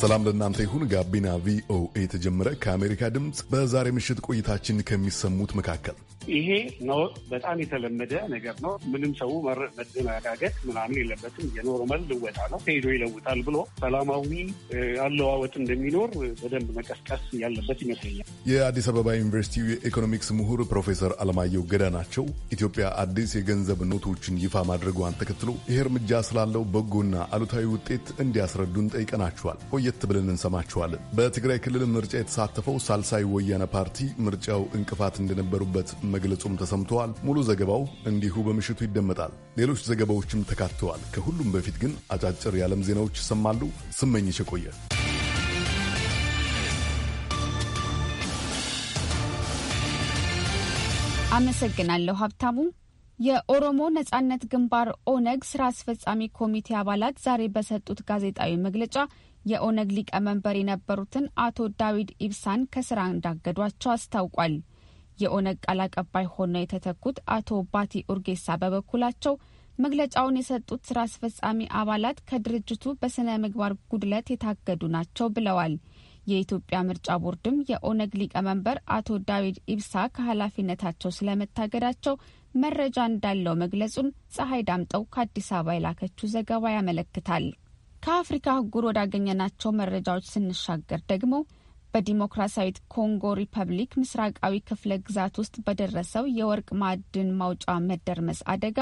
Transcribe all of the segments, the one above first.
ሰላም ለእናንተ ይሁን። ጋቢና ቪኦኤ የተጀመረ ከአሜሪካ ድምፅ በዛሬ ምሽት ቆይታችን ከሚሰሙት መካከል ይሄ ነው በጣም የተለመደ ነገር ነው። ምንም ሰው መደናጋገጥ ምናምን የለበትም። የኖርመል ልወጣ ነው ሄዶ ይለውጣል ብሎ ሰላማዊ አለዋወጥ እንደሚኖር በደንብ መቀስቀስ ያለበት ይመስለኛል። የአዲስ አበባ ዩኒቨርሲቲ የኢኮኖሚክስ ምሁር ፕሮፌሰር አለማየሁ ገዳ ናቸው። ኢትዮጵያ አዲስ የገንዘብ ኖቶችን ይፋ ማድረጓን ተከትሎ ይሄ እርምጃ ስላለው በጎና አሉታዊ ውጤት እንዲያስረዱን ጠይቀናቸዋል። ቆየት ብለን እንሰማቸዋለን። በትግራይ ክልል ምርጫ የተሳተፈው ሳልሳይ ወያነ ፓርቲ ምርጫው እንቅፋት እንደነበሩበት መግለጹም ተሰምተዋል። ሙሉ ዘገባው እንዲሁ በምሽቱ ይደመጣል። ሌሎች ዘገባዎችም ተካትተዋል። ከሁሉም በፊት ግን አጫጭር የዓለም ዜናዎች ይሰማሉ። ስመኝሽ ቆየ አመሰግናለሁ ሀብታሙ። የኦሮሞ ነጻነት ግንባር ኦነግ ስራ አስፈጻሚ ኮሚቴ አባላት ዛሬ በሰጡት ጋዜጣዊ መግለጫ የኦነግ ሊቀመንበር የነበሩትን አቶ ዳዊድ ኢብሳን ከስራ እንዳገዷቸው አስታውቋል። የኦነግ ቃል አቀባይ ሆነው የተተኩት አቶ ባቲ ኡርጌሳ በበኩላቸው መግለጫውን የሰጡት ስራ አስፈጻሚ አባላት ከድርጅቱ በስነ ምግባር ጉድለት የታገዱ ናቸው ብለዋል። የኢትዮጵያ ምርጫ ቦርድም የኦነግ ሊቀመንበር አቶ ዳዊድ ኢብሳ ከኃላፊነታቸው ስለመታገዳቸው መረጃ እንዳለው መግለጹን ፀሐይ ዳምጠው ከአዲስ አበባ የላከችው ዘገባ ያመለክታል። ከአፍሪካ አህጉር ወዳገኘናቸው መረጃዎች ስንሻገር ደግሞ በዲሞክራሲያዊት ኮንጎ ሪፐብሊክ ምስራቃዊ ክፍለ ግዛት ውስጥ በደረሰው የወርቅ ማዕድን ማውጫ መደርመስ አደጋ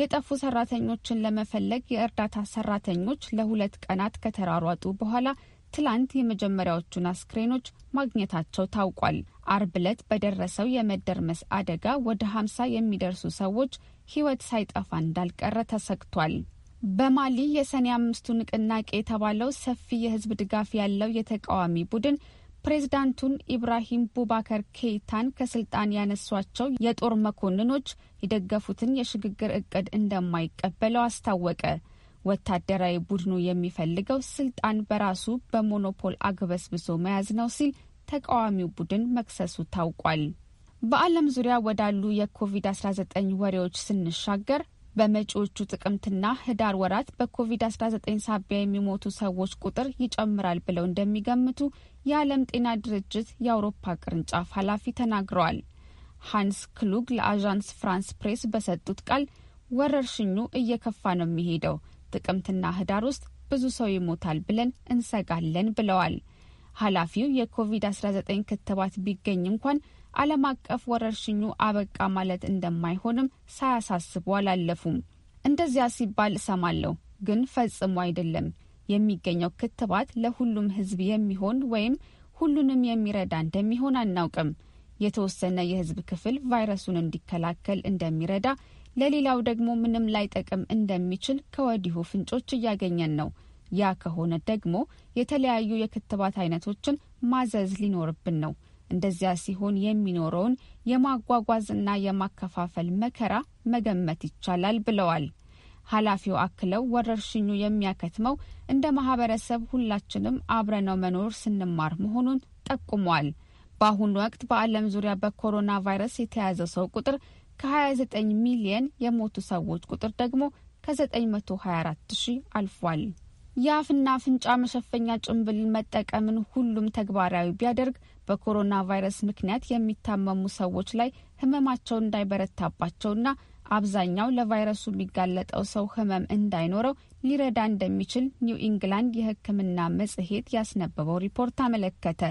የጠፉ ሰራተኞችን ለመፈለግ የእርዳታ ሰራተኞች ለሁለት ቀናት ከተራሯጡ በኋላ ትላንት የመጀመሪያዎቹን አስክሬኖች ማግኘታቸው ታውቋል። አርብ ዕለት በደረሰው የመደርመስ አደጋ ወደ ሀምሳ የሚደርሱ ሰዎች ሕይወት ሳይጠፋ እንዳልቀረ ተሰግቷል። በማሊ የሰኔ አምስቱ ንቅናቄ የተባለው ሰፊ የህዝብ ድጋፍ ያለው የተቃዋሚ ቡድን ፕሬዝዳንቱን ኢብራሂም ቡባከር ኬይታን ከስልጣን ያነሷቸው የጦር መኮንኖች የደገፉትን የሽግግር እቅድ እንደማይቀበለው አስታወቀ። ወታደራዊ ቡድኑ የሚፈልገው ስልጣን በራሱ በሞኖፖል አግበስብሶ መያዝ ነው ሲል ተቃዋሚው ቡድን መክሰሱ ታውቋል። በዓለም ዙሪያ ወዳሉ የኮቪድ-19 ወሬዎች ስንሻገር በመጪዎቹ ጥቅምትና ህዳር ወራት በኮቪድ-19 ሳቢያ የሚሞቱ ሰዎች ቁጥር ይጨምራል ብለው እንደሚገምቱ የዓለም ጤና ድርጅት የአውሮፓ ቅርንጫፍ ኃላፊ ተናግረዋል። ሃንስ ክሉግ ለአዣንስ ፍራንስ ፕሬስ በሰጡት ቃል ወረርሽኙ እየከፋ ነው የሚሄደው፣ ጥቅምትና ህዳር ውስጥ ብዙ ሰው ይሞታል ብለን እንሰጋለን ብለዋል። ኃላፊው የኮቪድ-19 ክትባት ቢገኝ እንኳን ዓለም አቀፍ ወረርሽኙ አበቃ ማለት እንደማይሆንም ሳያሳስቡ አላለፉም። እንደዚያ ሲባል እሰማለሁ፣ ግን ፈጽሞ አይደለም። የሚገኘው ክትባት ለሁሉም ሕዝብ የሚሆን ወይም ሁሉንም የሚረዳ እንደሚሆን አናውቅም። የተወሰነ የሕዝብ ክፍል ቫይረሱን እንዲከላከል እንደሚረዳ፣ ለሌላው ደግሞ ምንም ላይጠቅም እንደሚችል ከወዲሁ ፍንጮች እያገኘን ነው። ያ ከሆነ ደግሞ የተለያዩ የክትባት አይነቶችን ማዘዝ ሊኖርብን ነው። እንደዚያ ሲሆን የሚኖረውን የማጓጓዝና የማከፋፈል መከራ መገመት ይቻላል ብለዋል። ኃላፊው አክለው ወረርሽኙ የሚያከትመው እንደ ማህበረሰብ ሁላችንም አብረነው መኖር ስንማር መሆኑን ጠቁመዋል። በአሁኑ ወቅት በዓለም ዙሪያ በኮሮና ቫይረስ የተያዘ ሰው ቁጥር ከ29 ሚሊየን የሞቱ ሰዎች ቁጥር ደግሞ ከ924 ሺህ አልፏል። የአፍና አፍንጫ መሸፈኛ ጭንብል መጠቀምን ሁሉም ተግባራዊ ቢያደርግ በኮሮና ቫይረስ ምክንያት የሚታመሙ ሰዎች ላይ ህመማቸው እንዳይበረታባቸውና አብዛኛው ለቫይረሱ የሚጋለጠው ሰው ህመም እንዳይኖረው ሊረዳ እንደሚችል ኒው ኢንግላንድ የሕክምና መጽሔት ያስነበበው ሪፖርት አመለከተ።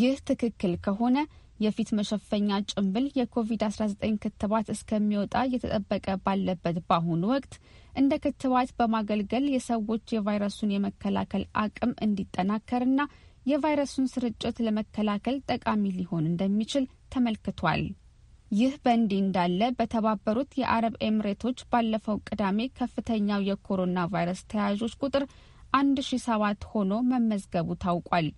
ይህ ትክክል ከሆነ የፊት መሸፈኛ ጭንብል የኮቪድ-19 ክትባት እስከሚወጣ እየተጠበቀ ባለበት በአሁኑ ወቅት እንደ ክትባት በማገልገል የሰዎች የቫይረሱን የመከላከል አቅም እንዲጠናከርና የቫይረሱን ስርጭት ለመከላከል ጠቃሚ ሊሆን እንደሚችል ተመልክቷል። ይህ በእንዲህ እንዳለ በተባበሩት የአረብ ኤምሬቶች ባለፈው ቅዳሜ ከፍተኛው የኮሮና ቫይረስ ተያያዦች ቁጥር 1007 ሆኖ መመዝገቡ ታውቋል።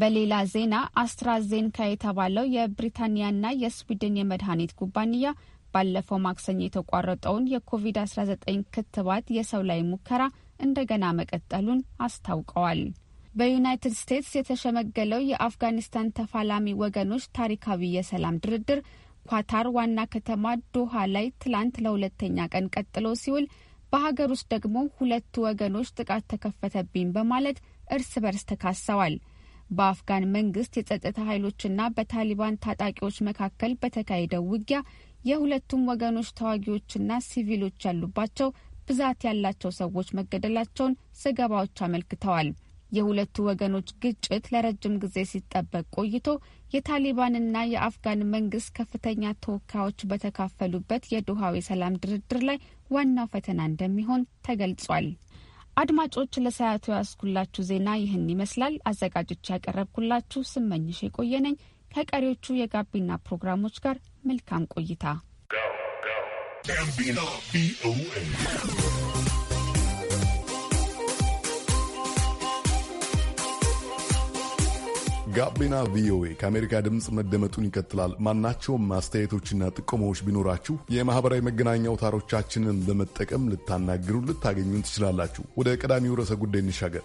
በሌላ ዜና አስትራዜንካ የተባለው የብሪታንያና የስዊድን የመድኃኒት ኩባንያ ባለፈው ማክሰኞ የተቋረጠውን የኮቪድ-19 ክትባት የሰው ላይ ሙከራ እንደገና መቀጠሉን አስታውቀዋል። በዩናይትድ ስቴትስ የተሸመገለው የአፍጋኒስታን ተፋላሚ ወገኖች ታሪካዊ የሰላም ድርድር ኳታር ዋና ከተማ ዶሃ ላይ ትላንት ለሁለተኛ ቀን ቀጥሎ ሲውል በሀገር ውስጥ ደግሞ ሁለቱ ወገኖች ጥቃት ተከፈተብኝ በማለት እርስ በርስ ተካሰዋል። በአፍጋን መንግስት የጸጥታ ኃይሎችና በታሊባን ታጣቂዎች መካከል በተካሄደው ውጊያ የሁለቱም ወገኖች ተዋጊዎችና ሲቪሎች ያሉባቸው ብዛት ያላቸው ሰዎች መገደላቸውን ዘገባዎች አመልክተዋል። የሁለቱ ወገኖች ግጭት ለረጅም ጊዜ ሲጠበቅ ቆይቶ የታሊባንና የአፍጋን መንግስት ከፍተኛ ተወካዮች በተካፈሉበት የዶሃው የሰላም ድርድር ላይ ዋናው ፈተና እንደሚሆን ተገልጿል። አድማጮች ለሰዓቱ ያስኩላችሁ ዜና ይህን ይመስላል። አዘጋጆች ያቀረብኩላችሁ ስመኝሽ የቆየነኝ ከቀሪዎቹ የጋቢና ፕሮግራሞች ጋር መልካም ቆይታ። ጋቢና ቪኦኤ ከአሜሪካ ድምፅ መደመጡን ይቀጥላል። ማናቸውም ማስተያየቶችና ጥቆማዎች ቢኖራችሁ የማህበራዊ መገናኛ አውታሮቻችንን በመጠቀም ልታናግሩ ልታገኙን ትችላላችሁ። ወደ ቀዳሚው ርዕሰ ጉዳይ እንሻገር።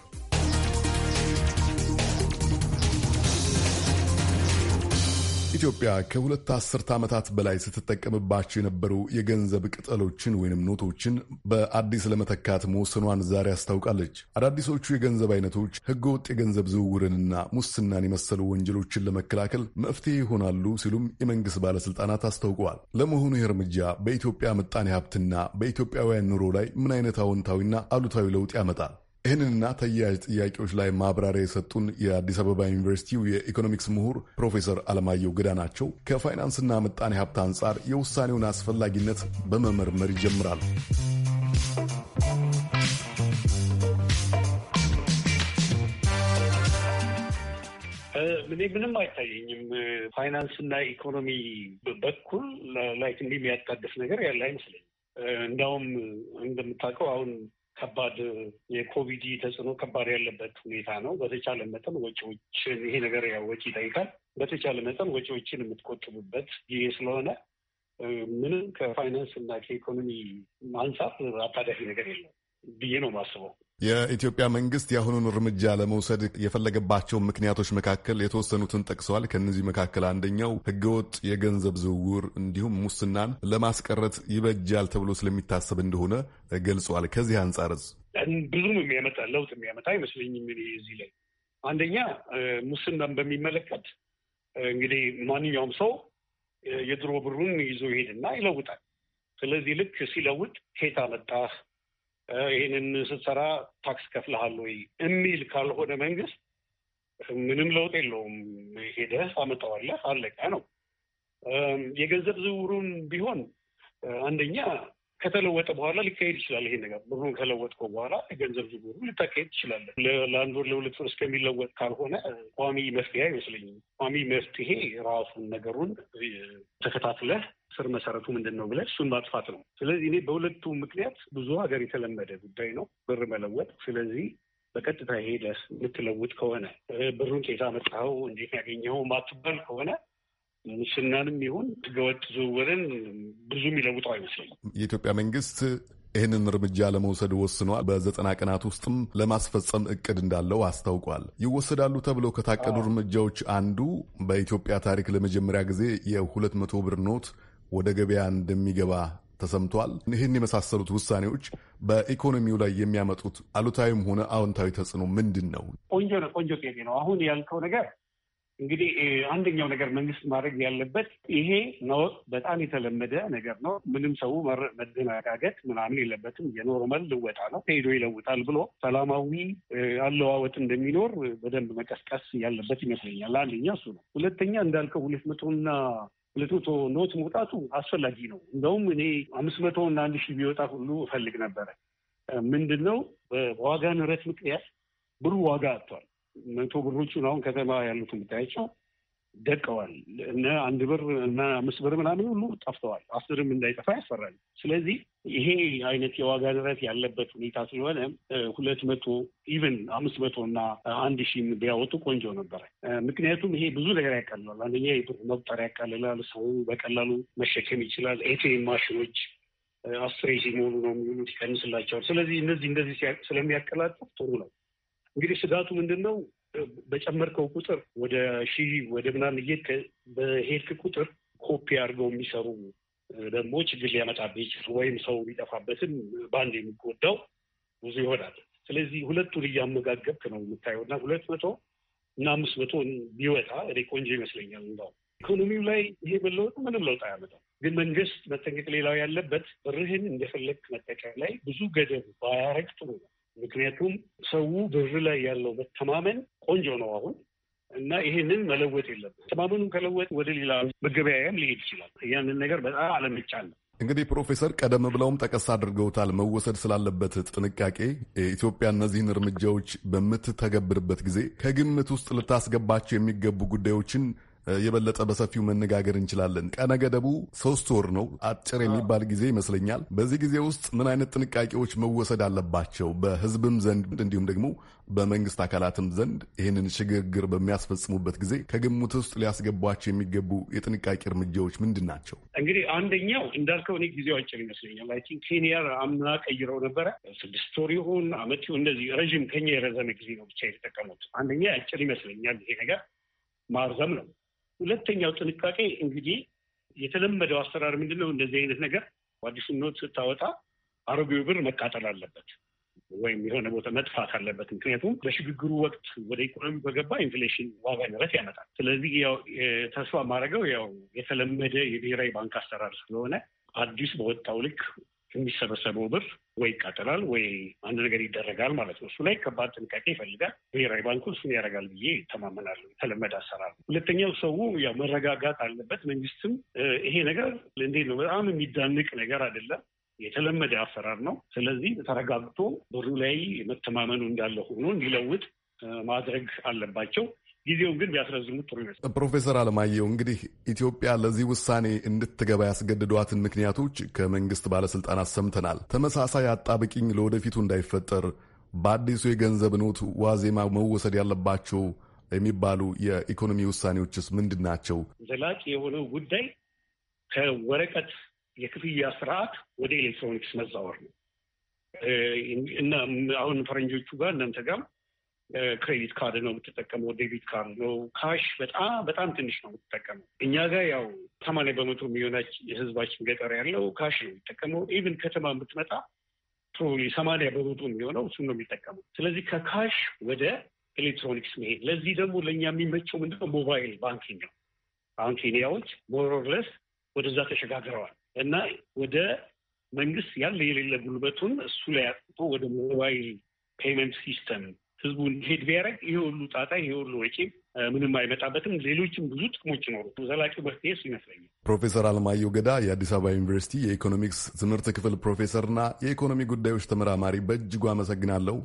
ኢትዮጵያ ከሁለት አስርተ ዓመታት በላይ ስትጠቀምባቸው የነበሩ የገንዘብ ቅጠሎችን ወይንም ኖቶችን በአዲስ ለመተካት መወሰኗን ዛሬ አስታውቃለች። አዳዲሶቹ የገንዘብ አይነቶች ህገወጥ የገንዘብ ዝውውርንና ሙስናን የመሰሉ ወንጀሎችን ለመከላከል መፍትሄ ይሆናሉ ሲሉም የመንግሥት ባለሥልጣናት አስታውቀዋል። ለመሆኑ ይህ እርምጃ በኢትዮጵያ ምጣኔ ሀብትና በኢትዮጵያውያን ኑሮ ላይ ምን አይነት አዎንታዊና አሉታዊ ለውጥ ያመጣል? ይህንንና ተያያዥ ጥያቄዎች ላይ ማብራሪያ የሰጡን የአዲስ አበባ ዩኒቨርሲቲው የኢኮኖሚክስ ምሁር ፕሮፌሰር አለማየሁ ገዳ ናቸው። ከፋይናንስና ምጣኔ ሀብት አንጻር የውሳኔውን አስፈላጊነት በመመርመር ይጀምራሉ። እኔ ምንም አይታየኝም። ፋይናንስ እና ኢኮኖሚ በኩል ላይክ እንዲህ የሚያጣድፍ ነገር ያለ አይመስለኝም። እንደውም እንደምታውቀው አሁን ከባድ የኮቪድ ተጽዕኖ ከባድ ያለበት ሁኔታ ነው። በተቻለ መጠን ወጪዎች ይሄ ነገር ያው ወጪ ይጠይቃል። በተቻለ መጠን ወጪዎችን የምትቆጥቡበት ጊዜ ስለሆነ ምንም ከፋይናንስ እና ከኢኮኖሚ አንጻር አታዳፊ ነገር የለም ብዬ ነው ማስበው። የኢትዮጵያ መንግስት የአሁኑን እርምጃ ለመውሰድ የፈለገባቸው ምክንያቶች መካከል የተወሰኑትን ጠቅሰዋል። ከእነዚህ መካከል አንደኛው ህገወጥ የገንዘብ ዝውውር እንዲሁም ሙስናን ለማስቀረት ይበጃል ተብሎ ስለሚታሰብ እንደሆነ ገልጿል። ከዚህ አንጻርስ ብዙም የሚያመጣ ለውጥ የሚያመጣ አይመስለኝም። እዚህ ላይ አንደኛ ሙስናን በሚመለከት እንግዲህ ማንኛውም ሰው የድሮ ብሩን ይዞ ይሄድና ይለውጣል። ስለዚህ ልክ ሲለውጥ ከየት አመጣህ ይህንን ስትሰራ ታክስ ከፍልሃል ወይ የሚል ካልሆነ መንግስት ምንም ለውጥ የለውም። ሄደህ አመጣዋለህ አለቃ ነው። የገንዘብ ዝውውሩን ቢሆን አንደኛ ከተለወጠ በኋላ ሊካሄድ ይችላል። ይሄ ነገር ብሩን ከለወጥከው በኋላ የገንዘብ ዝውውሩ ልታካሄድ ትችላለህ። ለአንድ ወር ለሁለት ወር እስከሚለወጥ ካልሆነ ቋሚ መፍትሄ አይመስለኝም። ቋሚ መፍትሄ ራሱን ነገሩን ተከታትለህ ስር መሰረቱ ምንድን ነው ብለህ እሱን ማጥፋት ነው። ስለዚህ እኔ በሁለቱ ምክንያት ብዙ ሀገር የተለመደ ጉዳይ ነው ብር መለወጥ። ስለዚህ በቀጥታ ሄደህ የምትለውጥ ከሆነ ብሩን ኬታ መጣኸው እንዴት ያገኘኸው ማትበል ከሆነ ሙስናንም ይሁን ህገወጥ ዝውውርን ብዙም የሚለውጠው አይመስለኝም። የኢትዮጵያ መንግስት ይህንን እርምጃ ለመውሰድ ወስኗል። በዘጠና ቀናት ውስጥም ለማስፈጸም እቅድ እንዳለው አስታውቋል። ይወሰዳሉ ተብለው ከታቀዱ እርምጃዎች አንዱ በኢትዮጵያ ታሪክ ለመጀመሪያ ጊዜ የሁለት መቶ ብር ኖት ወደ ገበያ እንደሚገባ ተሰምቷል። ይህን የመሳሰሉት ውሳኔዎች በኢኮኖሚው ላይ የሚያመጡት አሉታዊም ሆነ አዎንታዊ ተጽዕኖ ምንድን ነው? ቆንጆ ነው። ቆንጆ ነው። አሁን ያልከው ነገር እንግዲህ አንደኛው ነገር መንግስት ማድረግ ያለበት ይሄ ነው። በጣም የተለመደ ነገር ነው። ምንም ሰው መደናጋገት ምናምን የለበትም። የኖርመል ልወጣ ነው ሄዶ ይለውጣል ብሎ ሰላማዊ አለዋወጥ እንደሚኖር በደንብ መቀስቀስ ያለበት ይመስለኛል። አንደኛ እሱ ነው። ሁለተኛ እንዳልከው ሁለት መቶና ሁለት መቶ ኖት መውጣቱ አስፈላጊ ነው። እንደውም እኔ አምስት መቶ እና አንድ ሺህ ቢወጣ ሁሉ እፈልግ ነበረ። ምንድን ነው በዋጋ ንረት ምክንያት ብሩ ዋጋ አጥቷል። መቶ ብሮቹን አሁን ከተማ ያሉት የምታያቸው ደቀዋል እነ አንድ ብር እና አምስት ብር ምናምን ሁሉ ጠፍተዋል። አስርም እንዳይጠፋ ያስፈራል። ስለዚህ ይሄ አይነት የዋጋ ንረት ያለበት ሁኔታ ስለሆነ ሁለት መቶ ኢቨን አምስት መቶ እና አንድ ሺህ ቢያወጡ ቆንጆ ነበረ። ምክንያቱም ይሄ ብዙ ነገር ያቀልላል። አንደኛ የብር መቁጠር ያቀልላል። ሰው በቀላሉ መሸከም ይችላል። ኤቲኤም ማሽኖች አስሬ ሲሞሉ ነው የሚሉት ይቀንስላቸዋል። ስለዚህ እነዚህ እንደዚህ ስለሚያቀላጥፍ ጥሩ ነው። እንግዲህ ስጋቱ ምንድን ነው? በጨመርከው ቁጥር ወደ ሺህ ወደ ምናምን እየሄድክ በሄድክ ቁጥር ኮፒ አድርገው የሚሰሩ ደግሞ ችግር ሊያመጣብህ ይችላል። ወይም ሰው ቢጠፋበትም በአንድ የሚጎዳው ብዙ ይሆናል። ስለዚህ ሁለቱን እያመጋገብክ ነው የምታየው እና ሁለት መቶ እና አምስት መቶ ቢወጣ እኔ ቆንጆ ይመስለኛል። እንደው ኢኮኖሚው ላይ ይሄ መለወጡ ምንም ለውጥ አያመጣም። ግን መንግስት መጠንቀቅ ሌላው ያለበት ብርህን እንደፈለግ መጠቀም ላይ ብዙ ገደብ ባያረግ ጥሩ ነው። ምክንያቱም ሰው ብር ላይ ያለው መተማመን ቆንጆ ነው አሁን እና ይሄንን መለወጥ የለም። መተማመኑን ከለወጥ ወደ ሌላ መገበያያም ሊሄድ ይችላል። ያንን ነገር በጣም አለመጫለ። ነው። እንግዲህ ፕሮፌሰር ቀደም ብለውም ጠቀስ አድርገውታል። መወሰድ ስላለበት ጥንቃቄ ኢትዮጵያ እነዚህን እርምጃዎች በምትተገብርበት ጊዜ ከግምት ውስጥ ልታስገባቸው የሚገቡ ጉዳዮችን የበለጠ በሰፊው መነጋገር እንችላለን። ቀነ ገደቡ ሶስት ወር ነው፣ አጭር የሚባል ጊዜ ይመስለኛል። በዚህ ጊዜ ውስጥ ምን አይነት ጥንቃቄዎች መወሰድ አለባቸው? በህዝብም ዘንድ እንዲሁም ደግሞ በመንግስት አካላትም ዘንድ ይህንን ሽግግር በሚያስፈጽሙበት ጊዜ ከግምት ውስጥ ሊያስገቧቸው የሚገቡ የጥንቃቄ እርምጃዎች ምንድን ናቸው? እንግዲህ አንደኛው እንዳልከው እኔ ጊዜው አጭር ይመስለኛል። አይ ቲንክ ኬንያ አምና ቀይረው ነበረ። ስድስት ወር ይሁን አመት ይሁን እንደዚህ ረዥም ከኛ የረዘመ ጊዜ ነው ብቻ የተጠቀሙት። አንደኛ አጭር ይመስለኛል ይሄ ነገር ማርዘም ነው። ሁለተኛው ጥንቃቄ እንግዲህ የተለመደው አሰራር ምንድን ነው? እንደዚህ አይነት ነገር አዲሱ ኖት ስታወጣ አሮጌው ብር መቃጠል አለበት ወይም የሆነ ቦታ መጥፋት አለበት። ምክንያቱም በሽግግሩ ወቅት ወደ ኢኮኖሚ በገባ ኢንፍሌሽን ዋጋ ንረት ያመጣል። ስለዚህ ያው ተስፋ ማድረገው ያው የተለመደ የብሔራዊ ባንክ አሰራር ስለሆነ አዲስ በወጣው ልክ የሚሰበሰበው ብር ወይ ይቃጠላል ወይ አንድ ነገር ይደረጋል ማለት ነው። እሱ ላይ ከባድ ጥንቃቄ ይፈልጋል። ብሔራዊ ባንኩ እሱን ያደርጋል ብዬ ይተማመናል። የተለመደ አሰራር ነው። ሁለተኛው ሰው ያው መረጋጋት አለበት። መንግስትም ይሄ ነገር እንዴት ነው በጣም የሚዳንቅ ነገር አይደለም። የተለመደ አሰራር ነው። ስለዚህ ተረጋግቶ ብሩ ላይ መተማመኑ እንዳለ ሆኖ እንዲለውጥ ማድረግ አለባቸው። ጊዜውን ግን ቢያስረዝሙት ጥሩ ይመስላል። ፕሮፌሰር አለማየሁ እንግዲህ ኢትዮጵያ ለዚህ ውሳኔ እንድትገባ ያስገድዷትን ምክንያቶች ከመንግስት ባለስልጣናት ሰምተናል። ተመሳሳይ አጣብቂኝ ለወደፊቱ እንዳይፈጠር በአዲሱ የገንዘብ ኖት ዋዜማ መወሰድ ያለባቸው የሚባሉ የኢኮኖሚ ውሳኔዎችስ ምንድን ናቸው? ዘላቂ የሆነው ጉዳይ ከወረቀት የክፍያ ስርዓት ወደ ኤሌክትሮኒክስ መዛወር ነው እና አሁን ፈረንጆቹ ጋር እናንተ ጋር ክሬዲት ካርድ ነው የምትጠቀመው፣ ዴቢት ካርድ ነው፣ ካሽ በጣም በጣም ትንሽ ነው የምትጠቀመው። እኛ ጋር ያው ሰማንያ በመቶ የሚሆናች የህዝባችን ገጠር ያለው ካሽ ነው የሚጠቀመው። ኢቭን ከተማ የምትመጣ ፕሮባብሊ ሰማንያ በመቶ የሚሆነው እሱን ነው የሚጠቀመው። ስለዚህ ከካሽ ወደ ኤሌክትሮኒክስ መሄድ። ለዚህ ደግሞ ለእኛ የሚመቸው ምንድነው ሞባይል ባንኪንግ ነው። አሁን ኬንያዎች ሞሮርለስ ወደዛ ተሸጋግረዋል እና ወደ መንግስት ያለ የሌለ ጉልበቱን እሱ ላይ አጥቶ ወደ ሞባይል ፔይመንት ሲስተም ህዝቡ እንዲሄድ ቢያደርግ ይሄ ሁሉ ጣጣ ይሄ ሁሉ ወጪ ምንም አይመጣበትም። ሌሎችም ብዙ ጥቅሞች ይኖሩ ዘላቂው መፍትሄ ይመስለኛል። ፕሮፌሰር አለማየሁ ገዳ የአዲስ አበባ ዩኒቨርሲቲ የኢኮኖሚክስ ትምህርት ክፍል ፕሮፌሰርና የኢኮኖሚ ጉዳዮች ተመራማሪ፣ በእጅጉ አመሰግናለሁ።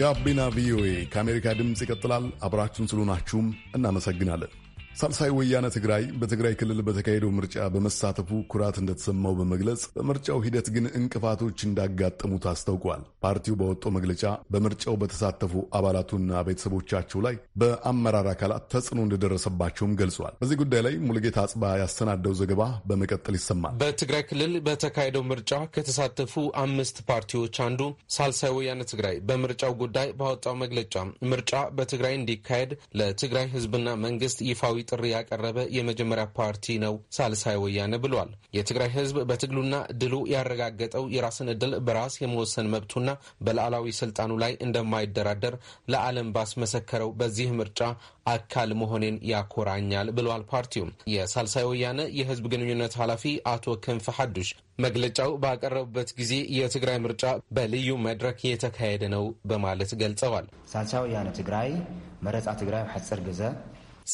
ጋቢና ቪኦኤ ከአሜሪካ ድምፅ ይቀጥላል። አብራችሁን ስለሆናችሁም እናመሰግናለን። ሳልሳይ ወያነ ትግራይ በትግራይ ክልል በተካሄደው ምርጫ በመሳተፉ ኩራት እንደተሰማው በመግለጽ በምርጫው ሂደት ግን እንቅፋቶች እንዳጋጠሙት አስታውቋል። ፓርቲው በወጣው መግለጫ በምርጫው በተሳተፉ አባላቱና ቤተሰቦቻቸው ላይ በአመራር አካላት ተጽዕኖ እንደደረሰባቸውም ገልጿል። በዚህ ጉዳይ ላይ ሙሉጌታ አጽባ ያሰናደው ዘገባ በመቀጠል ይሰማል። በትግራይ ክልል በተካሄደው ምርጫ ከተሳተፉ አምስት ፓርቲዎች አንዱ ሳልሳይ ወያነ ትግራይ በምርጫው ጉዳይ ባወጣው መግለጫ ምርጫ በትግራይ እንዲካሄድ ለትግራይ ሕዝብና መንግስት ይፋዊ ጥሪ ያቀረበ የመጀመሪያ ፓርቲ ነው ሳልሳይ ወያነ ብሏል። የትግራይ ህዝብ በትግሉና ድሉ ያረጋገጠው የራስን እድል በራስ የመወሰን መብቱና በሉዓላዊ ስልጣኑ ላይ እንደማይደራደር ለዓለም ባስመሰከረው በዚህ ምርጫ አካል መሆኔን ያኮራኛል ብሏል ፓርቲው የሳልሳይ ወያነ የህዝብ ግንኙነት ኃላፊ አቶ ክንፍ ሐዱሽ መግለጫው ባቀረቡበት ጊዜ የትግራይ ምርጫ በልዩ መድረክ የተካሄደ ነው በማለት ገልጸዋል። ሳልሳይ ወያነ ትግራይ መረፃ ትግራይ ሐፀር ግዜ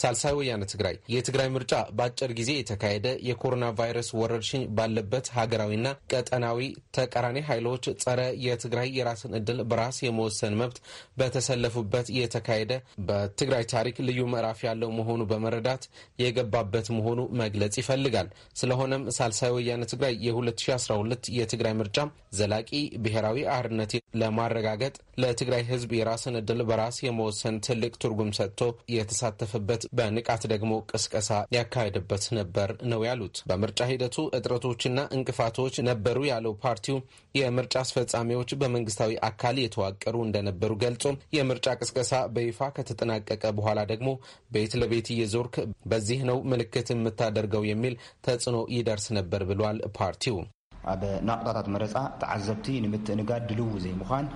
ሳልሳይ ወያነ ትግራይ የትግራይ ምርጫ በአጭር ጊዜ የተካሄደ የኮሮና ቫይረስ ወረርሽኝ ባለበት ሀገራዊና ቀጠናዊ ተቃራኒ ኃይሎች ጸረ የትግራይ የራስን እድል በራስ የመወሰን መብት በተሰለፉበት የተካሄደ በትግራይ ታሪክ ልዩ ምዕራፍ ያለው መሆኑ በመረዳት የገባበት መሆኑ መግለጽ ይፈልጋል። ስለሆነም ሳልሳይ ወያነ ትግራይ የ2012 የትግራይ ምርጫ ዘላቂ ብሔራዊ አርነት ለማረጋገጥ ለትግራይ ሕዝብ የራስን እድል በራስ የመወሰን ትልቅ ትርጉም ሰጥቶ የተሳተፈበት በንቃት ደግሞ ቅስቀሳ ያካሄደበት ነበር ነው ያሉት። በምርጫ ሂደቱ እጥረቶችና እንቅፋቶች ነበሩ ያለው ፓርቲው የምርጫ አስፈጻሚዎች በመንግስታዊ አካል የተዋቀሩ እንደነበሩ ገልጾ የምርጫ ቅስቀሳ በይፋ ከተጠናቀቀ በኋላ ደግሞ ቤት ለቤት እየዞርክ በዚህ ነው ምልክት የምታደርገው የሚል ተጽዕኖ ይደርስ ነበር ብሏል ፓርቲው ኣብ ናቁጣታት መረፃ ተዓዘብቲ ንምትእንጋድ ድልው ዘይምዃን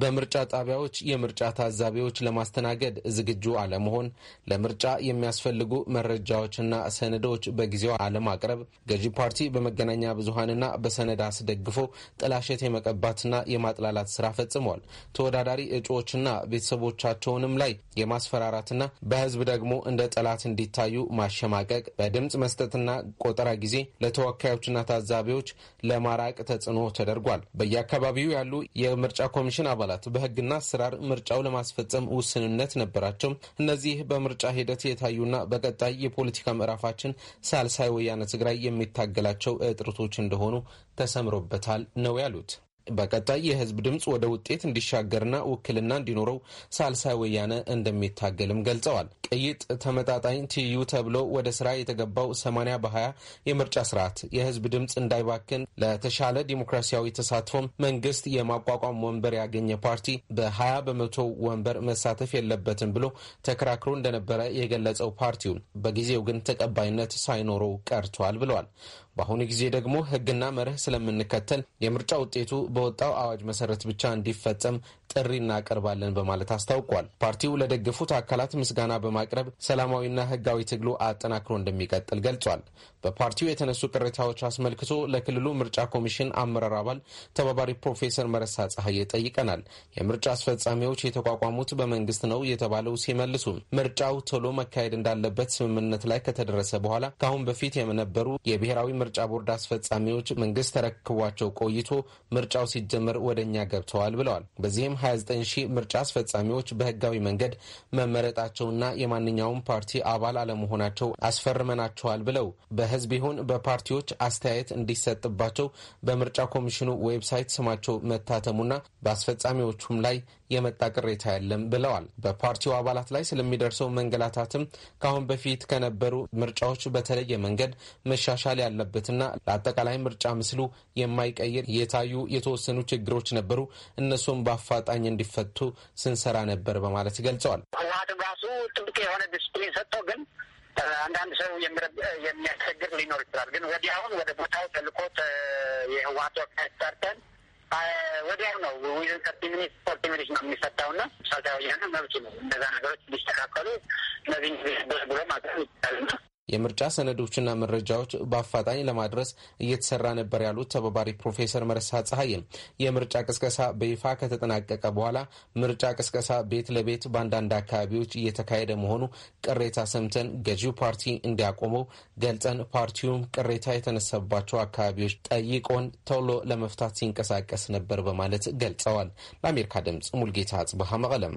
በምርጫ ጣቢያዎች የምርጫ ታዛቢዎች ለማስተናገድ ዝግጁ አለመሆን፣ ለምርጫ የሚያስፈልጉ መረጃዎችና ሰነዶች በጊዜው አለማቅረብ፣ ገዢ ፓርቲ በመገናኛ ብዙሀንና በሰነድ አስደግፎ ጥላሸት የመቀባትና የማጥላላት ስራ ፈጽሟል። ተወዳዳሪ እጩዎችና ቤተሰቦቻቸውንም ላይ የማስፈራራትና በህዝብ ደግሞ እንደ ጠላት እንዲታዩ ማሸማቀቅ፣ በድምፅ መስጠትና ቆጠራ ጊዜ ለተወካዮችና ታዛቢዎች ለማራቅ ተጽዕኖ ተደርጓል። በየአካባቢው ያሉ የምርጫ ኮሚሽን አባል አባላት በህግና አሰራር ምርጫው ለማስፈጸም ውስንነት ነበራቸው። እነዚህ በምርጫ ሂደት የታዩና በቀጣይ የፖለቲካ ምዕራፋችን ሳልሳይ ወያነ ትግራይ የሚታገላቸው እጥረቶች እንደሆኑ ተሰምሮበታል ነው ያሉት። በቀጣይ የህዝብ ድምፅ ወደ ውጤት እንዲሻገርና ውክልና እንዲኖረው ሳልሳይ ወያነ እንደሚታገልም ገልጸዋል። ቅይጥ ተመጣጣኝ ትይዩ ተብሎ ወደ ስራ የተገባው 80 በ20 የምርጫ ስርዓት የህዝብ ድምፅ እንዳይባክን ለተሻለ ዲሞክራሲያዊ ተሳትፎም መንግስት የማቋቋም ወንበር ያገኘ ፓርቲ በ20 በመቶ ወንበር መሳተፍ የለበትም ብሎ ተከራክሮ እንደነበረ የገለጸው ፓርቲውን በጊዜው ግን ተቀባይነት ሳይኖረው ቀርቷል ብለዋል። በአሁኑ ጊዜ ደግሞ ሕግና መርህ ስለምንከተል የምርጫ ውጤቱ በወጣው አዋጅ መሰረት ብቻ እንዲፈጸም ጥሪ እናቀርባለን በማለት አስታውቋል። ፓርቲው ለደገፉት አካላት ምስጋና በማቅረብ ሰላማዊና ህጋዊ ትግሉ አጠናክሮ እንደሚቀጥል ገልጿል። በፓርቲው የተነሱ ቅሬታዎች አስመልክቶ ለክልሉ ምርጫ ኮሚሽን አመራር አባል ተባባሪ ፕሮፌሰር መረሳ ጸሐዬ ጠይቀናል። የምርጫ አስፈጻሚዎች የተቋቋሙት በመንግስት ነው የተባለው ሲመልሱ ምርጫው ቶሎ መካሄድ እንዳለበት ስምምነት ላይ ከተደረሰ በኋላ ከአሁን በፊት የነበሩ የብሔራዊ የምርጫ ቦርድ አስፈጻሚዎች መንግስት ተረክቧቸው ቆይቶ ምርጫው ሲጀመር ወደ እኛ ገብተዋል ብለዋል። በዚህም 29 ሺህ ምርጫ አስፈጻሚዎች በህጋዊ መንገድ መመረጣቸውና የማንኛውም ፓርቲ አባል አለመሆናቸው አስፈርመናቸዋል ብለው በህዝብ ይሁን በፓርቲዎች አስተያየት እንዲሰጥባቸው በምርጫ ኮሚሽኑ ዌብሳይት ስማቸው መታተሙና በአስፈጻሚዎቹም ላይ የመጣ ቅሬታ የለም ብለዋል። በፓርቲው አባላት ላይ ስለሚደርሰው መንገላታትም ከአሁን በፊት ከነበሩ ምርጫዎች በተለየ መንገድ መሻሻል ያለበትና ለአጠቃላይ ምርጫ ምስሉ የማይቀይር የታዩ የተወሰኑ ችግሮች ነበሩ። እነሱም በአፋጣኝ እንዲፈቱ ስንሰራ ነበር በማለት ገልጸዋል። ህወሀትም ራሱ ጥብቅ የሆነ ዲስፕሊን ሰጠው ግን አንዳንድ ሰው የሚያስቸግር ሊኖር ይችላል። ግን ወዲያውኑ ወደ ቦታው ተልኮት የህወሀት ወቅት ሰርተን ወዲያው ነው ዊዝን ሰርቲ ሚኒት ፎርቲ ሚኒት ነው የሚሰጣው ና ሳልታ ሳታዊ መብት ነው። እነዛ ነገሮች ሊስተካከሉ እነዚህ ብሎ ማቅረብ ነው። የምርጫ ሰነዶችና መረጃዎች በአፋጣኝ ለማድረስ እየተሰራ ነበር ያሉት ተባባሪ ፕሮፌሰር መረሳ ጸሐይም የምርጫ ቅስቀሳ በይፋ ከተጠናቀቀ በኋላ ምርጫ ቅስቀሳ ቤት ለቤት በአንዳንድ አካባቢዎች እየተካሄደ መሆኑ ቅሬታ ሰምተን ገዢው ፓርቲ እንዲያቆመው ገልጸን ፓርቲውም ቅሬታ የተነሳባቸው አካባቢዎች ጠይቆን ቶሎ ለመፍታት ሲንቀሳቀስ ነበር በማለት ገልጸዋል። ለአሜሪካ ድምፅ ሙልጌታ አጽብሃ መቀለም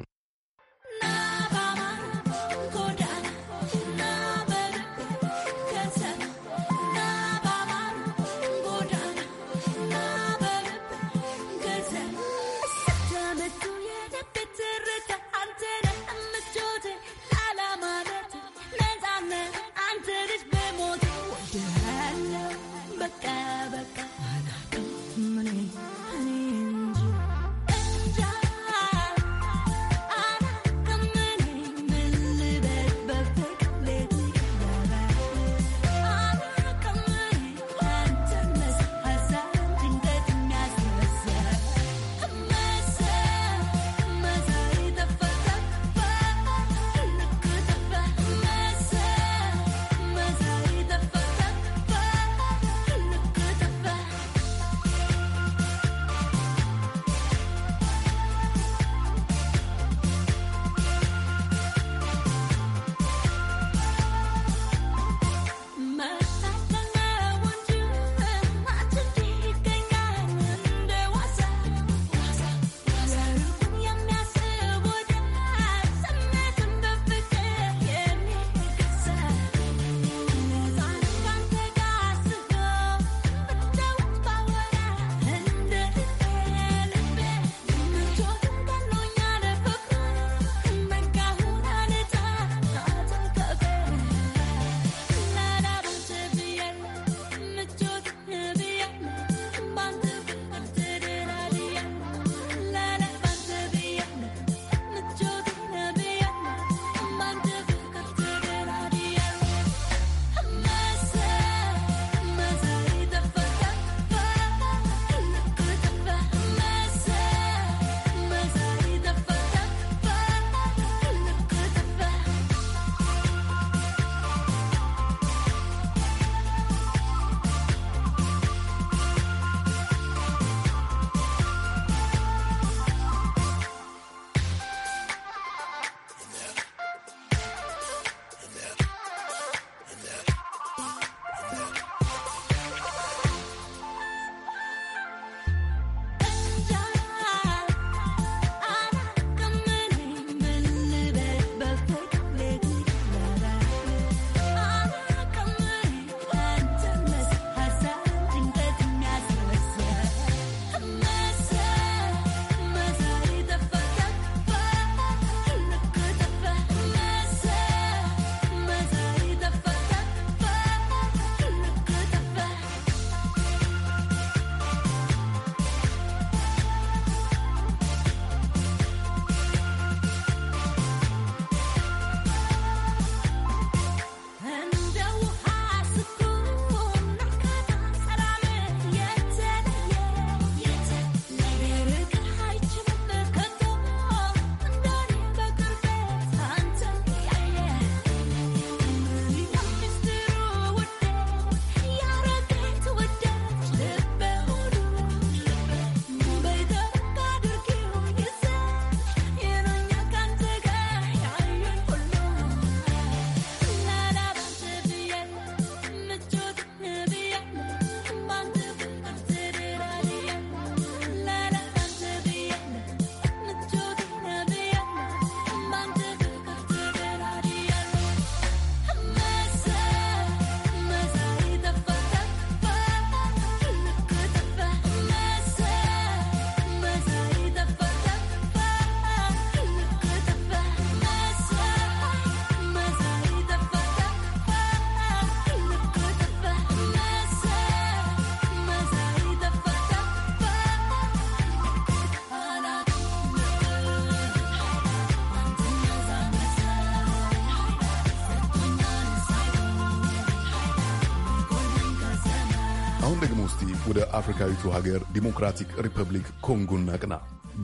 አፍሪካዊቱ ሀገር ዲሞክራቲክ ሪፐብሊክ ኮንጎን ናቅና።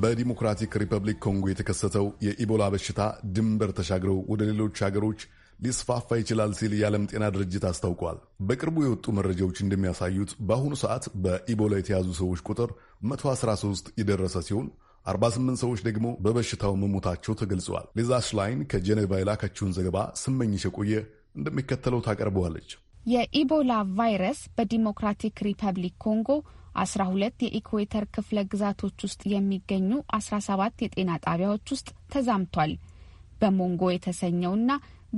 በዲሞክራቲክ ሪፐብሊክ ኮንጎ የተከሰተው የኢቦላ በሽታ ድንበር ተሻግረው ወደ ሌሎች ሀገሮች ሊስፋፋ ይችላል ሲል የዓለም ጤና ድርጅት አስታውቋል። በቅርቡ የወጡ መረጃዎች እንደሚያሳዩት በአሁኑ ሰዓት በኢቦላ የተያዙ ሰዎች ቁጥር 113 የደረሰ ሲሆን 48 ሰዎች ደግሞ በበሽታው መሞታቸው ተገልጸዋል። ሊዛ ሽላይን ከጀኔቫ የላከችውን ዘገባ ስመኝሽ የቆየ እንደሚከተለው ታቀርበዋለች። የኢቦላ ቫይረስ በዲሞክራቲክ ሪፐብሊክ ኮንጎ አስራ ሁለት የኢኩዌተር ክፍለ ግዛቶች ውስጥ የሚገኙ አስራ ሰባት የጤና ጣቢያዎች ውስጥ ተዛምቷል። በሞንጎ የተሰኘውና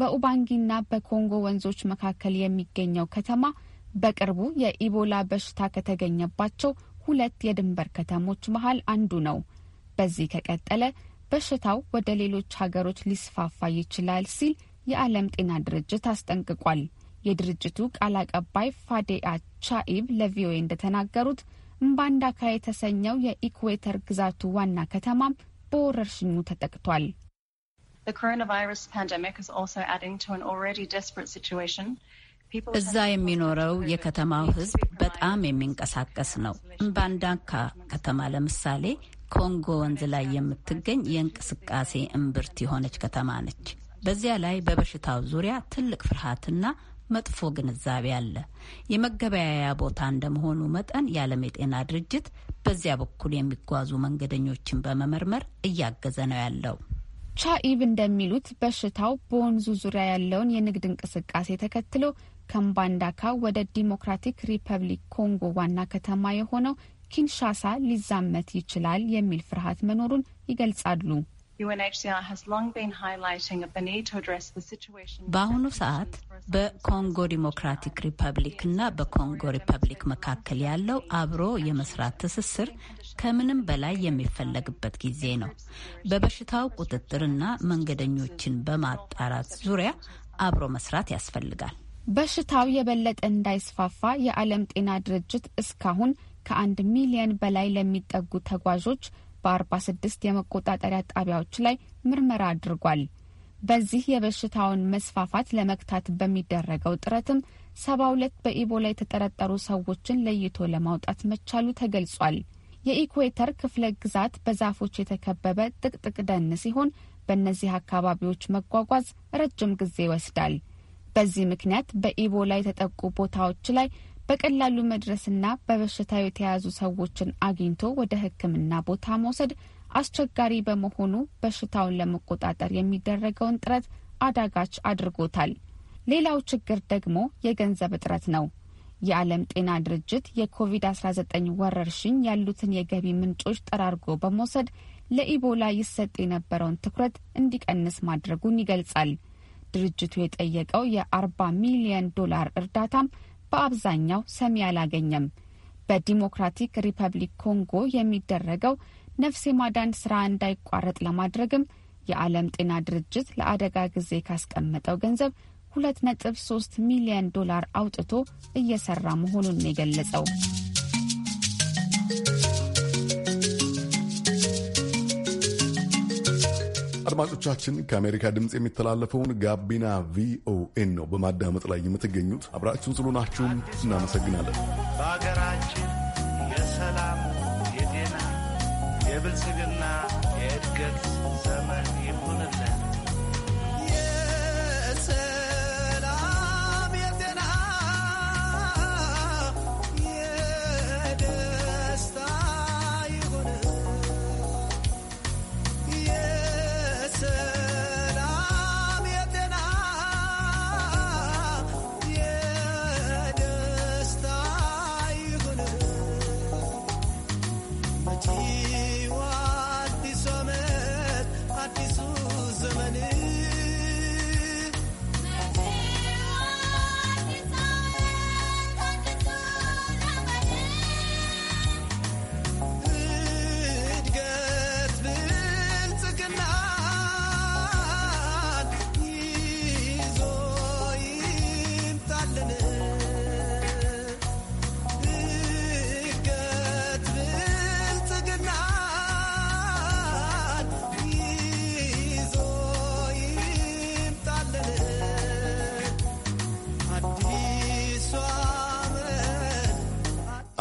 በኡባንጊና በኮንጎ ወንዞች መካከል የሚገኘው ከተማ በቅርቡ የኢቦላ በሽታ ከተገኘባቸው ሁለት የድንበር ከተሞች መሀል አንዱ ነው። በዚህ ከቀጠለ በሽታው ወደ ሌሎች ሀገሮች ሊስፋፋ ይችላል ሲል የዓለም ጤና ድርጅት አስጠንቅቋል። የድርጅቱ ቃል አቀባይ ፋዴአ ቻኢብ ለቪኦኤ እንደተናገሩት እምባንዳካ የተሰኘው የኢኩዌተር ግዛቱ ዋና ከተማም በወረርሽኙ ተጠቅቷል። እዛ የሚኖረው የከተማው ሕዝብ በጣም የሚንቀሳቀስ ነው። እምባንዳካ ከተማ ለምሳሌ ኮንጎ ወንዝ ላይ የምትገኝ የእንቅስቃሴ እምብርት የሆነች ከተማ ነች። በዚያ ላይ በበሽታው ዙሪያ ትልቅ ፍርሃትና መጥፎ ግንዛቤ አለ። የመገበያያ ቦታ እንደመሆኑ መጠን የዓለም የጤና ድርጅት በዚያ በኩል የሚጓዙ መንገደኞችን በመመርመር እያገዘ ነው ያለው። ቻኢብ እንደሚሉት በሽታው በወንዙ ዙሪያ ያለውን የንግድ እንቅስቃሴ ተከትሎ ከምባንዳካ ወደ ዲሞክራቲክ ሪፐብሊክ ኮንጎ ዋና ከተማ የሆነው ኪንሻሳ ሊዛመት ይችላል የሚል ፍርሃት መኖሩን ይገልጻሉ። በአሁኑ ሰዓት በኮንጎ ዲሞክራቲክ ሪፐብሊክ እና በኮንጎ ሪፐብሊክ መካከል ያለው አብሮ የመስራት ትስስር ከምንም በላይ የሚፈለግበት ጊዜ ነው። በበሽታው ቁጥጥርና መንገደኞችን በማጣራት ዙሪያ አብሮ መስራት ያስፈልጋል። በሽታው የበለጠ እንዳይስፋፋ የዓለም ጤና ድርጅት እስካሁን ከአንድ ሚሊየን በላይ ለሚጠጉ ተጓዦች በ46 የመቆጣጠሪያ ጣቢያዎች ላይ ምርመራ አድርጓል። በዚህ የበሽታውን መስፋፋት ለመግታት በሚደረገው ጥረትም 72 በኢቦላ የተጠረጠሩ ሰዎችን ለይቶ ለማውጣት መቻሉ ተገልጿል። የኢኩዌተር ክፍለ ግዛት በዛፎች የተከበበ ጥቅጥቅ ደን ሲሆን በእነዚህ አካባቢዎች መጓጓዝ ረጅም ጊዜ ይወስዳል። በዚህ ምክንያት በኢቦላ የተጠቁ ቦታዎች ላይ በቀላሉ መድረስና በበሽታ የተያዙ ሰዎችን አግኝቶ ወደ ሕክምና ቦታ መውሰድ አስቸጋሪ በመሆኑ በሽታውን ለመቆጣጠር የሚደረገውን ጥረት አዳጋች አድርጎታል። ሌላው ችግር ደግሞ የገንዘብ እጥረት ነው። የዓለም ጤና ድርጅት የኮቪድ-19 ወረርሽኝ ያሉትን የገቢ ምንጮች ጠራርጎ በመውሰድ ለኢቦላ ይሰጥ የነበረውን ትኩረት እንዲቀንስ ማድረጉን ይገልጻል። ድርጅቱ የጠየቀው የ40 ሚሊዮን ዶላር እርዳታም በአብዛኛው ሰሚ አላገኘም። በዲሞክራቲክ ሪፐብሊክ ኮንጎ የሚደረገው ነፍስ የማዳን ስራ እንዳይቋረጥ ለማድረግም የዓለም ጤና ድርጅት ለአደጋ ጊዜ ካስቀመጠው ገንዘብ 2.3 ሚሊዮን ዶላር አውጥቶ እየሰራ መሆኑን የገለጸው አድማጮቻችን ከአሜሪካ ድምፅ የሚተላለፈውን ጋቢና ቪኦኤን ነው በማዳመጥ ላይ የምትገኙት። አብራችሁን ስለሆናችሁም እናመሰግናለን። በሀገራችን የሰላም የጤና የብልጽግና የእድገት ዘመን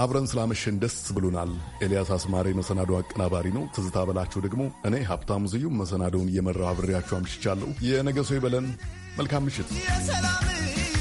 አብረን ስላመሸን ደስ ብሎናል። ኤልያስ አስማሪ መሰናዶ አቀናባሪ ነው። ትዝታ በላቸው ደግሞ እኔ ሀብታሙ ስዩም መሰናዶውን እየመራው አብሬያችሁ አምሽቻለሁ። የነገ ሰው ይበለን። መልካም ምሽት።